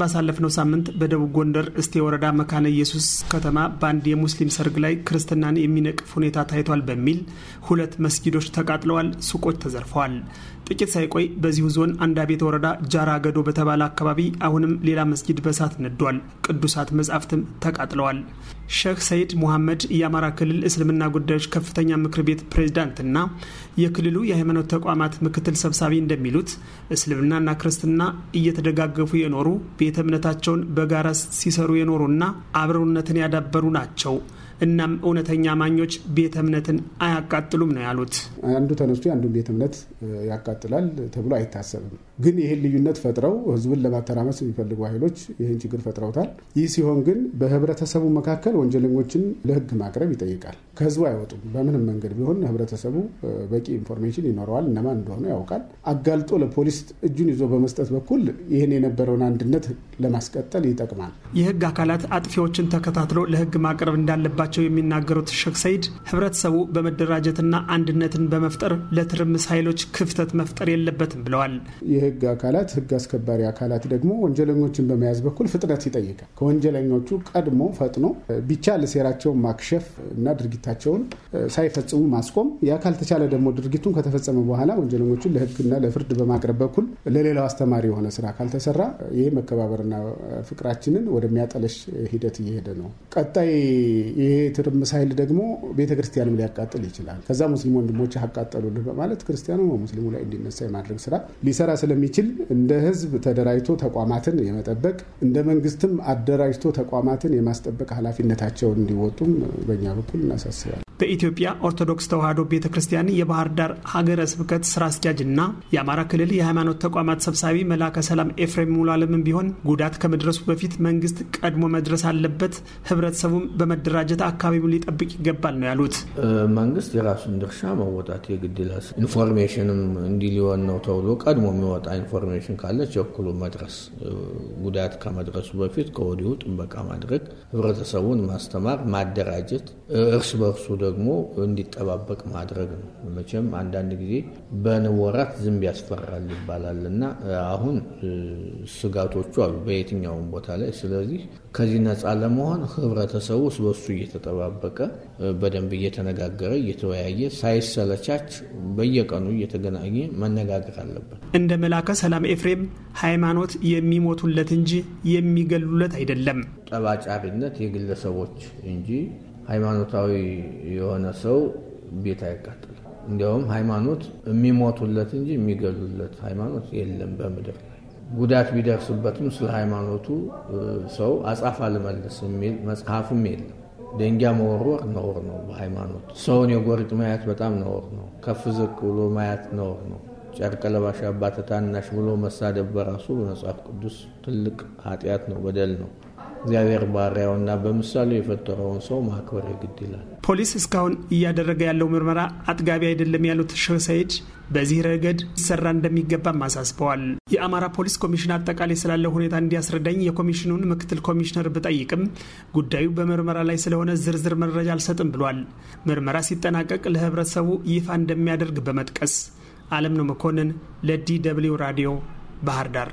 ባሳለፍነው ሳምንት በደቡብ ጎንደር እስቴ ወረዳ መካነ ኢየሱስ ከተማ በአንድ የሙስሊም ሰርግ ላይ ክርስትናን የሚነቅፍ ሁኔታ ታይቷል በሚል ሁለት መስጊዶች ተቃጥለዋል፣ ሱቆች ተዘርፈዋል። ጥቂት ሳይቆይ በዚሁ ዞን አንዳቤት ወረዳ ጃራ ገዶ በተባለ አካባቢ አሁንም ሌላ መስጊድ በእሳት ነዷል። ቅዱሳት መጻሕፍትም ተቃጥለዋል። ሼህ ሰይድ ሙሐመድ የአማራ ክልል እስልምና ጉዳዮች ከፍተኛ ምክር ቤት ፕሬዝዳንትና የክልሉ የሃይማኖት ተቋማት ምክትል ሰብሳቢ እንደሚሉት እስልምናና ክርስትና እየተደጋገፉ የኖሩ ቤተ እምነታቸውን በጋራ ሲሰሩ የኖሩና አብረውነትን ያዳበሩ ናቸው። እናም እውነተኛ አማኞች ቤተ እምነትን አያቃጥሉም ነው ያሉት። አንዱ ተነስቶ የአንዱን ቤተ እምነት ያቃጥላል ተብሎ አይታሰብም። ግን ይህን ልዩነት ፈጥረው ህዝቡን ለማተራመስ የሚፈልጉ ኃይሎች ይህን ችግር ፈጥረውታል። ይህ ሲሆን ግን በህብረተሰቡ መካከል ወንጀለኞችን ለህግ ማቅረብ ይጠይቃል። ከህዝቡ አይወጡም። በምንም መንገድ ቢሆን ህብረተሰቡ በቂ ኢንፎርሜሽን ይኖረዋል፣ እነማን እንደሆኑ ያውቃል። አጋልጦ ለፖሊስ እጁን ይዞ በመስጠት በኩል ይህን የነበረውን አንድነት ለማስቀጠል ይጠቅማል። የህግ አካላት አጥፊዎችን ተከታትሎ ለህግ ማቅረብ እንዳለባቸው የሚናገሩት ሼክ ሰይድ ህብረተሰቡ በመደራጀትና አንድነትን በመፍጠር ለትርምስ ኃይሎች ክፍተት መፍጠር የለበትም ብለዋል። የህግ አካላት ህግ አስከባሪ አካላት ደግሞ ወንጀለኞችን በመያዝ በኩል ፍጥነት ይጠይቃል። ከወንጀለኞቹ ቀድሞ ፈጥኖ ቢቻል ሴራቸውን ማክሸፍ እና ድርጊት ድርጊታቸውን ሳይፈጽሙ ማስቆም፣ ያ ካልተቻለ ደግሞ ድርጊቱን ከተፈጸመ በኋላ ወንጀለኞቹን ለሕግና ለፍርድ በማቅረብ በኩል ለሌላው አስተማሪ የሆነ ስራ ካልተሰራ ይህ መከባበርና ፍቅራችንን ወደሚያጠለሽ ሂደት እየሄደ ነው። ቀጣይ ይሄ ትርምስ ኃይል ደግሞ ቤተክርስቲያንም ሊያቃጥል ይችላል። ከዛ ሙስሊም ወንድሞች አቃጠሉልህ በማለት ክርስቲያኑ በሙስሊሙ ላይ እንዲነሳ የማድረግ ስራ ሊሰራ ስለሚችል እንደ ህዝብ ተደራጅቶ ተቋማትን የመጠበቅ እንደ መንግስትም አደራጅቶ ተቋማትን የማስጠበቅ ኃላፊነታቸውን እንዲወጡም በእኛ በኩል እናሳስ Yeah. በኢትዮጵያ ኦርቶዶክስ ተዋሕዶ ቤተ ክርስቲያን የባህር ዳር ሀገረ ስብከት ስራ አስኪያጅና የአማራ ክልል የሃይማኖት ተቋማት ሰብሳቢ መላከ ሰላም ኤፍሬም ሙሉ ቢሆን ጉዳት ከመድረሱ በፊት መንግስት ቀድሞ መድረስ አለበት፣ ህብረተሰቡም በመደራጀት አካባቢውን ሊጠብቅ ይገባል ነው ያሉት። መንግስት የራሱን ድርሻ መወጣት የግድ ይላል። ኢንፎርሜሽንም እንዲህ ሊሆን ነው ተብሎ ቀድሞ የሚወጣ ኢንፎርሜሽን ካለ ቸኩሎ መድረስ፣ ጉዳት ከመድረሱ በፊት ከወዲሁ ጥበቃ ማድረግ፣ ህብረተሰቡን ማስተማር፣ ማደራጀት እርስ በርሱ ደግሞ እንዲጠባበቅ ማድረግ ነው። መቼም አንዳንድ ጊዜ በንወራት ዝንብ ያስፈራል ይባላል እና አሁን ስጋቶቹ አሉ በየትኛውም ቦታ ላይ። ስለዚህ ከዚህ ነፃ ለመሆን ህብረተሰቡ በሱ እየተጠባበቀ በደንብ እየተነጋገረ እየተወያየ ሳይሰለቻች በየቀኑ እየተገናኘ መነጋገር አለበት። እንደ መላከ ሰላም ኤፍሬም ሃይማኖት የሚሞቱለት እንጂ የሚገሉለት አይደለም። ጠባጫሪነት የግለሰቦች እንጂ ሃይማኖታዊ የሆነ ሰው ቤት አይቃጠል። እንዲያውም ሃይማኖት የሚሞቱለት እንጂ የሚገሉለት ሃይማኖት የለም በምድር ላይ። ጉዳት ቢደርስበትም ስለ ሃይማኖቱ ሰው አጻፋ ልመልስ የሚል መጽሐፍም የለም። ደንጊያ መወርወር ነውር ነው። በሃይማኖት ሰውን የጎሪጥ ማየት በጣም ነውር ነው። ከፍ ዝቅ ብሎ ማየት ነውር ነው። ጨርቅ ለባሽ አባት ታናሽ ብሎ መሳደብ በራሱ በመጽሐፍ ቅዱስ ትልቅ ኃጢአት ነው፣ በደል ነው። እግዚአብሔር ባሪያውና በምሳሌ የፈጠረውን ሰው ማክበር ግድ ይላል። ፖሊስ እስካሁን እያደረገ ያለው ምርመራ አጥጋቢ አይደለም ያሉት ሸህ ሰይድ በዚህ ረገድ ሰራ እንደሚገባም አሳስበዋል። የአማራ ፖሊስ ኮሚሽን አጠቃላይ ስላለው ሁኔታ እንዲያስረዳኝ የኮሚሽኑን ምክትል ኮሚሽነር ብጠይቅም ጉዳዩ በምርመራ ላይ ስለሆነ ዝርዝር መረጃ አልሰጥም ብሏል። ምርመራ ሲጠናቀቅ ለህብረተሰቡ ይፋ እንደሚያደርግ በመጥቀስ አለም ነው መኮንን ለዲ ደብልዩ ራዲዮ ባህር ዳር